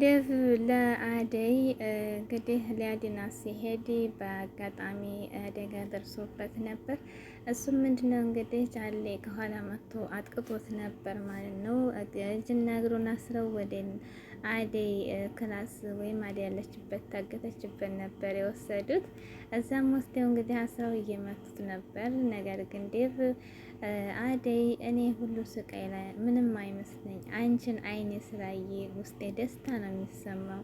ዴቭ ለአደይ እንግዲህ ሊያድና ሲሄድ በአጋጣሚ አደጋ ደርሶበት ነበር። እሱም ምንድነው እንግዲህ ጫሌ ከኋላ መጥቶ አጥቅቶት ነበር ማለት ነው። እጅና እግሩን አስረው ወደ አደይ ክላስ ወይም አደይ ያለችበት ታገተችበት ነበር የወሰዱት። እዛም ወስደው እንግዲህ አስራው እየመቱት ነበር። ነገር ግን ዴቭ አደይ እኔ ሁሉ ስቃይ ላይ ምንም አይመስለኝ፣ አንቺን አይኔ ስላየ ውስጤ ደስታ ነው የሚሰማው፣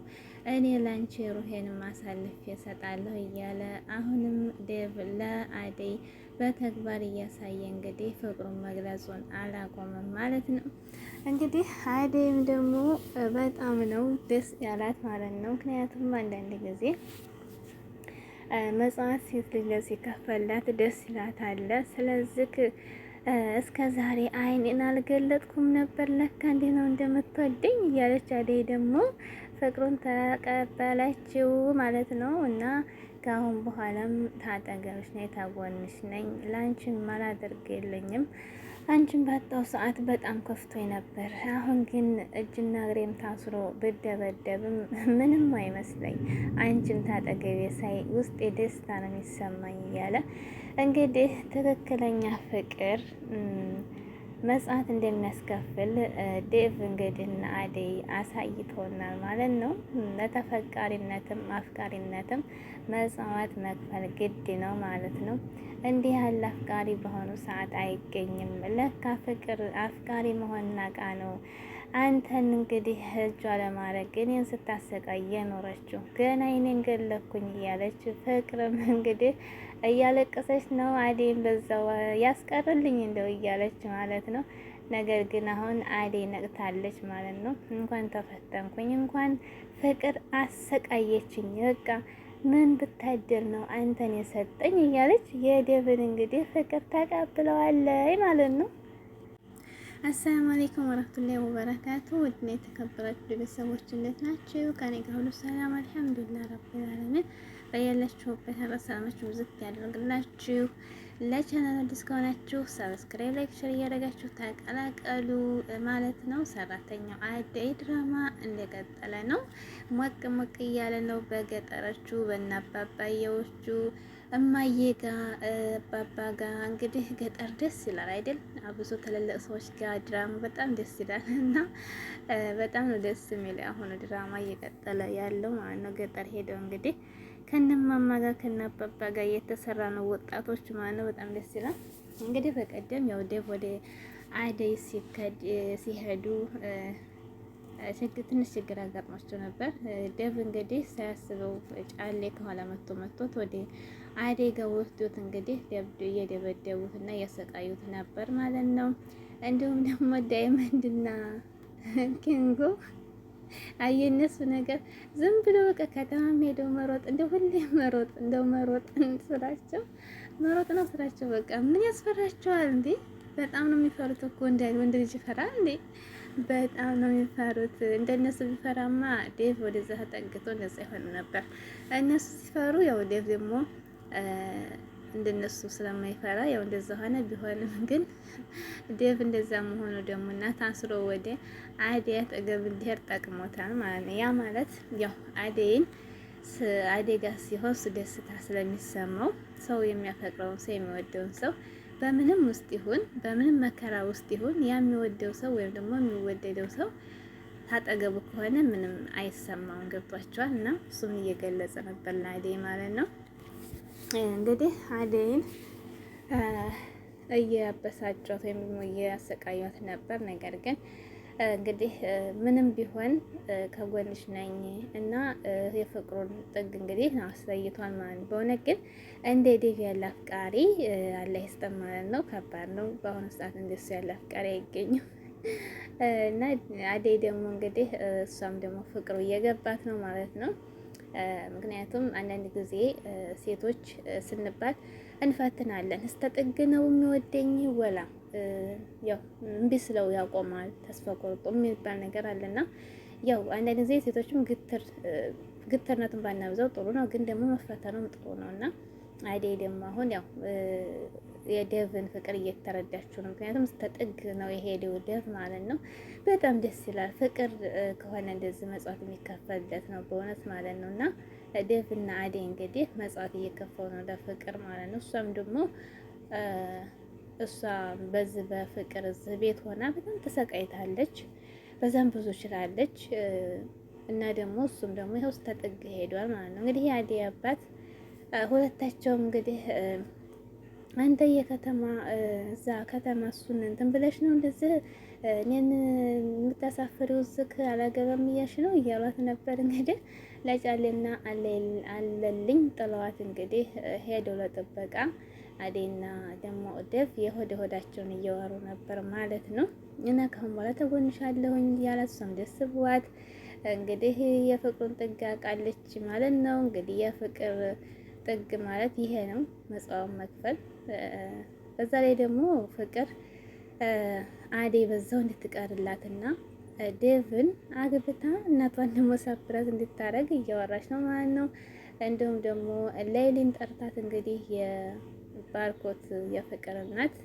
እኔ ላንቺ ሩሄን ማሳለፍ እሰጣለሁ እያለ አሁንም ዴቭ ለአደይ በተግባር እያሳየ እንግዲህ ፍቅሩን መግለጹን አላቆመም ማለት ነው። እንግዲህ አደይም ደግሞ በጣም ነው ደስ ያላት ማለት ነው። ምክንያቱም አንዳንድ ጊዜ መጽዋት ሴት ልጅ ሲከፈላት ደስ አለ። ስለዚህ እስከ ዛሬ አይኔን አልገለጥኩም ነበር ለካ እንዲህ ነው እንደምትወደኝ እያለች አደይ ደግሞ ፍቅሩን ተቀበለችው ማለት ነው እና ከአሁን በኋላም ታጠገብሽ ነኝ፣ ታጎንሽ ነኝ። ለአንቺን ማላደርግ የለኝም። አንቺን ባጣው ሰዓት በጣም ከፍቶኝ ነበር። አሁን ግን እጅና እግሬም ታስሮ ብደበደብም ምንም አይመስለኝ። አንቺን ታጠገቤ ሳይ ውስጤ ደስታ ነው የሚሰማኝ እያለ እንግዲህ ትክክለኛ ፍቅር መጽዋት እንደሚያስከፍል ዴቭ እንግዲህና አደይ አሳይቶናል ማለት ነው። ለተፈቃሪነትም አፍቃሪነትም መጽዋት መክፈል ግድ ነው ማለት ነው። እንዲህ ያለ አፍቃሪ በሆኑ ሰዓት አይገኝም። ለካ ፍቅር አፍቃሪ መሆን ናቃ ነው። አንተን እንግዲህ እጇ ለማድረግ እኔን ስታሰቃይ ኖረችው ገና ይኔን ገለኩኝ እያለች ፍቅርም እንግዲህ እያለቀሰች ነው። አዴን በዛው ያስቀርልኝ እንደው እያለች ማለት ነው። ነገር ግን አሁን አዴ ነቅታለች ማለት ነው። እንኳን ተፈተንኩኝ፣ እንኳን ፍቅር አሰቃየችኝ፣ በቃ ምን ብታደር ነው አንተን የሰጠኝ እያለች የደብን እንግዲህ ፍቅር ተቀብለዋለይ ማለት ነው። አሰላሙ አለይኩም ወረህመቱላሂ ወበረካቱ ውድና የተከበራችሁ ቤተሰቦች እንዴት ናችሁ? ከኔ ጋር ሁሉ ሰላም አልሐምዱሊላህ ረብል ዓለሚን። በያላችሁበት ሰላማችሁ ብዝት ያደርግላችሁ። ለቻናል አዲስ ከሆናችሁ ሰብስክራይብ፣ ላይክ፣ ሼር እያደረጋችሁ ተቀላቀሉ ማለት ነው። ሰራተኛው አደይ ድራማ እንደቀጠለ ነው። ሞቅ ሞቅ እያለ ነው። በገጠሮቹ በናባባየዎቹ አባባየዎቹ እማዬ ጋ አባባ ጋ እንግዲህ ገጠር ደስ ይላል አይደል? አብዞ ትልልቅ ሰዎች ጋር ድራማ በጣም ደስ ይላል እና በጣም ነው ደስ የሚል አሁን ድራማ እየቀጠለ ያለው ማለት ነው። ገጠር ሄደው እንግዲህ ከነማማ ጋር ከነአባባ ጋር የተሰራ ነው። ወጣቶች ማለት ነው በጣም ደስ ይላል። እንግዲህ በቀደም ያው ዴቭ ወደ አደይ ሲሄዱ ትንሽ ችግር አጋጥሟቸው ነበር። ዴቭ እንግዲህ ሳያስበው ጫሌ ከኋላ መቶ መቶት ወደ አደይ ጋር ወስዶት እንግዲህ እየደበደቡትና እያሰቃዩት ነበር ማለት ነው። እንዲሁም ደግሞ ዳይመንድና ኪንጎ አይ የነሱ ነገር ዝም ብሎ በቃ ከተማ ሄደው መሮጥ እንደ ሁሌ መሮጥ እንደ መሮጥ ስራቸው መሮጥ ነው ስራቸው። በቃ ምን ያስፈራቸዋል እንዴ? በጣም ነው የሚፈሩት እኮ እንደ ወንድ ልጅ ይፈራል እንዴ? በጣም ነው የሚፈሩት። እንደነሱ ቢፈራማ ዴቭ ወደዛ ተጠግቶ እንደዛ ይሆን ነበር። እነሱ ሲፈሩ ያው ዴቭ ደግሞ እንደነሱ ስለማይፈራ ያው እንደዛ ሆነ። ቢሆንም ግን ዴቭ እንደዛ መሆኑ ደግሞ እና ታስሮ ወደ አደይ አጠገብ እንዲሄድ ጠቅሞታል ማለት ነው። ያ ማለት ያው አደይን ጋር ሲሆን እሱ ደስታ ስለሚሰማው ሰው የሚያፈቅረውን ሰው የሚወደውን ሰው በምንም ውስጥ ይሁን በምንም መከራ ውስጥ ይሁን ያ የሚወደው ሰው ወይም ደግሞ የሚወደደው ሰው ታጠገቡ ከሆነ ምንም አይሰማውን። ገብቷቸዋል። እና እሱም እየገለጸ ነበር ለአደይ ማለት ነው። እንግዲህ አደይን እያበሳጫት ወይም ደግሞ እያሰቃያት ነበር። ነገር ግን እንግዲህ ምንም ቢሆን ከጎንሽ ነኝ እና የፍቅሩን ጥግ እንግዲህ አሳይቷል ማለት ነው። በእውነት ግን እንደ ዴቭ ያለ አፍቃሪ አለ ይስጠን ማለት ነው። ከባድ ነው። በአሁኑ ሰዓት እንደሱ ያለ አፍቃሪ አይገኝም። እና አደይ ደግሞ እንግዲህ እሷም ደግሞ ፍቅሩ እየገባት ነው ማለት ነው። ምክንያቱም አንዳንድ ጊዜ ሴቶች ስንባል እንፈትናለን። እስተጥግ ነው የሚወደኝ ወላ ያው እምቢ ስለው ያቆማል ተስፋ ቆርጦ የሚባል ነገር አለና ያው አንዳንድ ጊዜ ሴቶችም ግትርነቱን ባናብዛው ጥሩ ነው፣ ግን ደግሞ መፈተኑም ጥሩ ነው እና አደይ ደግሞ አሁን ያው የደቭን ፍቅር እየተረዳችሁ ነው። ምክንያቱም ስተጥግ ነው የሄደው ደቭ ማለት ነው። በጣም ደስ ይላል። ፍቅር ከሆነ እንደዚህ መጽዋት የሚከፈልለት ነው በእውነት ማለት ነው። እና እና አደይ እንግዲህ መጽዋት እየከፈው ነው ለፍቅር ማለት ነው። እሷም ደግሞ እሷ በዚህ በፍቅር እዚህ ቤት ሆና በጣም ተሰቃይታለች። በዛም ብዙ ችላለች። እና ደግሞ እሱም ደግሞ ይኸው ተጠግ ሄዷል ማለት ነው። እንግዲህ የአደይ አባት ሁለታቸውም እንግዲህ አንተ የከተማ እዛ ከተማ እሱን እንትን ብለሽ ነው እንደዚህ እኔን የምታሳፍሪው ዝክ አላገባም እያልሽ ነው እያሏት ነበር። እንግዲህ ለጫሌና አለልኝ ጥለዋት እንግዲህ ሄዶ ለጥበቃ አዴና ደግሞ ደፍ የሆድ ሆዳቸውን እየወሩ ነበር ማለት ነው። እና ከሁን በኋላ ተጎንሻለሁኝ እያላት እሷም ደስ ብዋት እንግዲህ የፍቅሩን ጥጋ ቃለች ማለት ነው እንግዲህ የፍቅር ጥግ ማለት ይሄ ነው፣ መጽዋዕን መክፈል። በዛ ላይ ደግሞ ፍቅር አዴ በዛው እንድትቀርላትና ዴቭን አግብታ እናቷን ደግሞ ሰርፕራይዝ እንድታደረግ እያወራች ነው ማለት ነው። እንዲሁም ደግሞ ላይሊን ጠርታት እንግዲህ የባርኮት የፍቅር እናት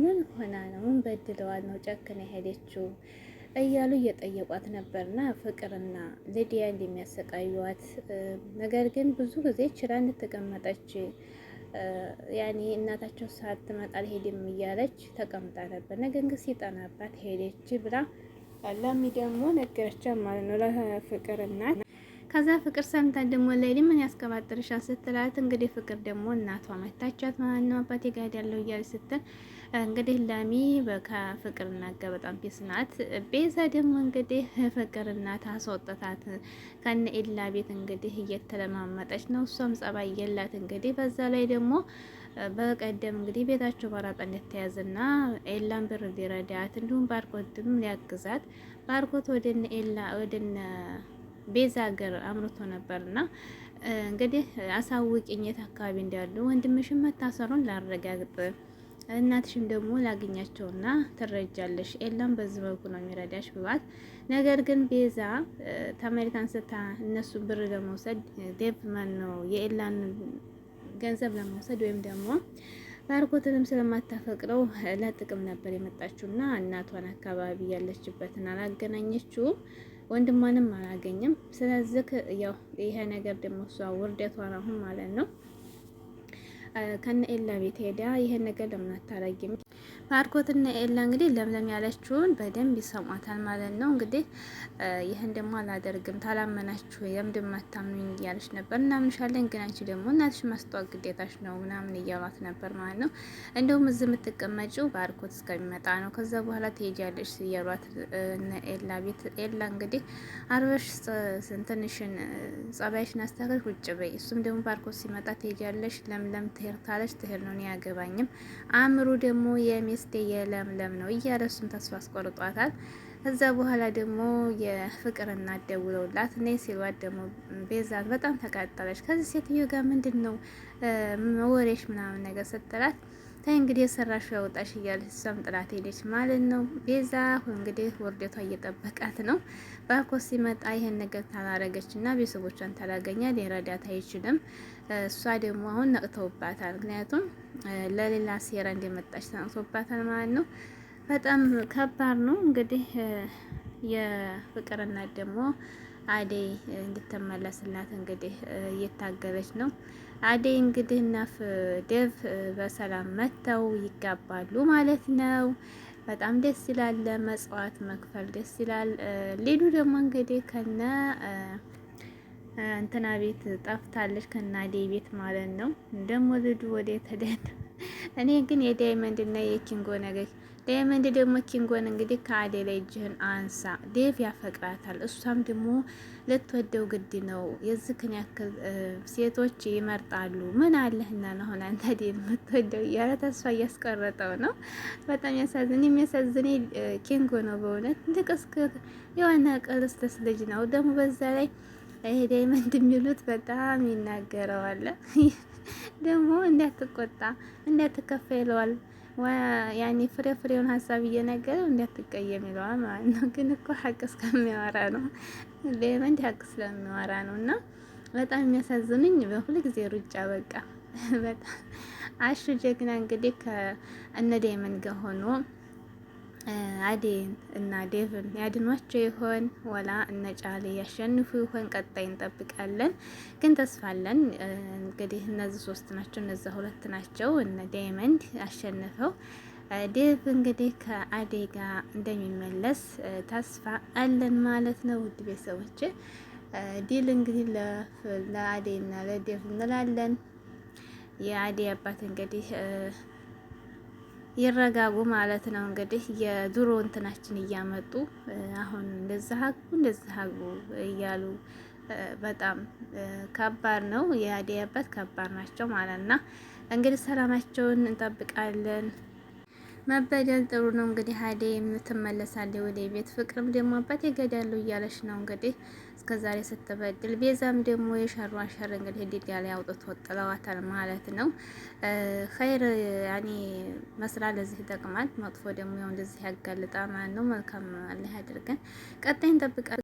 ምን ሆና ነው ምን በድለዋል ነው ጨክን የሄደችው እያሉ እየጠየቋት ነበርና ፍቅርና ሊዲያ እንደሚያሰቃዩዋት ነገር ግን ብዙ ጊዜ ችላ እንድትቀመጠች ያኔ እናታቸው ሳትመጣ አልሄድም እያለች ተቀምጣ ነበር። ነገር ግን ሲጠናባት ሄደች ብላ ላሚ ደግሞ ነገረቻት ማለት ነው ለፍቅርና ከዛ ፍቅር ሰምታ ደግሞ ላይ ምን ያስቀባጥርሻ ስትላት እንግዲህ ፍቅር ደግሞ እናቷ መታቻት ማለት ነው አባቴ ጋር ያለው እያለች ስትል እንግዲህ ለሚ በካ ፍቅርና ጋ በጣም ፒስ ናት። ቤዛ ደግሞ እንግዲህ ፍቅርና ታስወጣታት ከነ ኤላ ቤት እንግዲህ እየተለማመጠች ነው። እሷም ጸባይ የላት እንግዲህ በዛ ላይ ደግሞ በቀደም እንግዲህ ቤታቸው በራጣ እንደተያዘና ኤላን ብር ሊረዳት እንዲሁም ባርኮትም ሊያግዛት ባርኮት ወደነ ኤላ ወደነ ቤዛ ሀገር አምርቶ ነበርና እንግዲህ አሳውቂኝ የት አካባቢ እንዳሉ ወንድምሽን መታሰሩን ላረጋግጥ እናትሽም ደግሞ ላግኛቸውና ትረጃለሽ ኤላም በዚህ መልኩ ነው የሚረዳሽ ብሏት፣ ነገር ግን ቤዛ ተመሪካን አንስታ እነሱ ብር ለመውሰድ ዴቭ ማን ነው የኤላን ገንዘብ ለመውሰድ ወይም ደግሞ ባርኮትንም ስለማታፈቅረው ለጥቅም ነበር የመጣችውና እናቷን አካባቢ ያለችበትን አላገናኘችውም። ወንድሟንም አላገኝም። ስለዚህ ያው ይሄ ነገር ደግሞ እሷ ውርደቷን አሁን ማለት ነው ከነ ኤላ ቤት ሄዳ ይሄን ነገር ለምን አታረጊም ባርኮትና ኤላ እንግዲህ ለምለም ያለችውን በደንብ ይሰሟታል ማለት ነው። እንግዲህ ይህን ደግሞ አላደርግም ታላመናችሁ ለምንድን ማታምኑኝ እያለች ነበር። እናምንሻለን ግን አንቺ ደግሞ እናትሽ ማስታወቅ ግዴታሽ ነው ምናምን እያሏት ነበር ማለት ነው። እንደውም እዚህ የምትቀመጪው ባርኮት እስከሚመጣ ነው፣ ከዛ በኋላ ትሄጃለሽ እያሏት ኤላ ቤት ኤላ እንግዲህ አርበሽ ስንትንሽን ጸባይሽን አስተካክለሽ ውጭ በይ። እሱም ደግሞ ባርኮት ሲመጣ ትሄጃለሽ፣ ለምለም ትሄድ ካለች ትሄድ ነው፣ እኔ አያገባኝም። አእምሩ ደግሞ የሚስ ሚስቴ የለምለም ነው እያለ እሱም ተስፋ አስቆርጧታል። እዛ በኋላ ደግሞ የፍቅር እናት ደውለውላት እኔ ሲሏት ደግሞ ቤዛት በጣም ተቃጠለች። ከዚህ ሴትዮ ጋር ምንድን ነው ወሬሽ ምናምን ነገር ስትላት ታይ እንግዲህ ሰራሽ ያወጣሽ እያለች እሷም ጥላት ሄደች ማለት ነው። ቤዛ እንግዲህ ውርደቷ እየጠበቃት ነው። ባኮ ሲመጣ ይህን ነገር ታላረገች እና ቤተሰቦቿን ታላገኛል ሊረዳት አይችልም። እሷ ደግሞ አሁን ነቅተውባታል። ምክንያቱም ለሌላ ሴራ እንደመጣች ተነቅቶባታል ማለት ነው። በጣም ከባድ ነው። እንግዲህ የፍቅርና ደግሞ አደይ እንድትመለስላት እንግዲህ እየታገለች ነው። አደይ እንግዲህ እና ዴቭ በሰላም መጥተው ይጋባሉ ማለት ነው። በጣም ደስ ይላል። ለመጽዋት መክፈል ደስ ይላል። ሌሉ ደግሞ እንግዲህ ከነ እንትና ቤት ጠፍታለች ከናዴ ቤት ማለት ነው። ደግሞ ልዱ ወደ ተደን እኔ ግን የዳይመንድ እና የኪንጎ ነገር ዳይመንድ ደግሞ ኪንጎን እንግዲህ ከአዴ ላይ እጅህን አንሳ፣ ዴቭ ያፈቅራታል፣ እሷም ደግሞ ልትወደው ግድ ነው። የዝክን ያክል ሴቶች ይመርጣሉ። ምን አለህና አሁን አንተ ዴቭ የምትወደው እያለ ተስፋ እያስቆረጠው ነው። በጣም ያሳዝን። የሚያሳዝን ኪንጎ ነው በእውነት ልቅ እስክ የሆነ ቅልስልስ ልጅ ነው ደግሞ በዛ ላይ ይሄ ዳይመንድ የሚሉት በጣም ይናገረዋል። ደግሞ እንዳትቆጣ እንዳትከፋ ይለዋል። ያኔ ፍሬ ፍሬውን ሀሳብ እየነገረው እንዳትቀየም ይለዋል ማለት ነው። ግን እኮ ሀቅ እስከሚያወራ ነው። ዳይመንድ ሀቅ ስለሚያወራ ነው። እና በጣም የሚያሳዝኑኝ በሁሉ ጊዜ ሩጫ በቃ በጣም አሹ ጀግና እንግዲህ ከእነ ዳይመንድ ጋር ሆኖ አዴን እና ዴቭን ያድኗቸው ይሆን ወላ እነ ጫሌ ያሸንፉ ይሆን? ቀጣይ እንጠብቃለን። ግን ተስፋለን እንግዲህ እነዚህ ሶስት ናቸው፣ እነዚ ሁለት ናቸው። እነ ዳይመንድ አሸንፈው ዴቭ እንግዲህ ከአዴ ጋር እንደሚመለስ ተስፋ አለን ማለት ነው። ውድ ቤተሰቦች ዲል እንግዲህ ለአዴና ለዴቭ እንላለን። የአዴ አባት እንግዲህ ይረጋጉ ማለት ነው። እንግዲህ የድሮ እንትናችን እያመጡ አሁን እንደዚህ አግቡ እንደዚህ አግቡ እያሉ በጣም ከባድ ነው። የአደይ አባት ከባድ ናቸው ማለት እንግዲህ ሰላማቸውን እንጠብቃለን። መበደል ጥሩ ነው። እንግዲህ አደይም ትመለሳለች ወደ ቤት። ፍቅርም ደግሞ አባቴ ይገዳሉ እያለች ነው እንግዲህ እስከ ዛሬ ስትበድል። ቤዛም ደግሞ የሸሯን ሸር እንግዲህ ዲዳ ላይ አውጥቶ ጥለዋታል ማለት ነው። ኸይር ያኔ መስራ ለዚህ ይጠቅማል፣ መጥፎ ደግሞ ያው እንደዚህ ያጋልጣ ማለት ነው። መልካም አላህ ያድርገን። ቀጣይ እንጠብቃለን።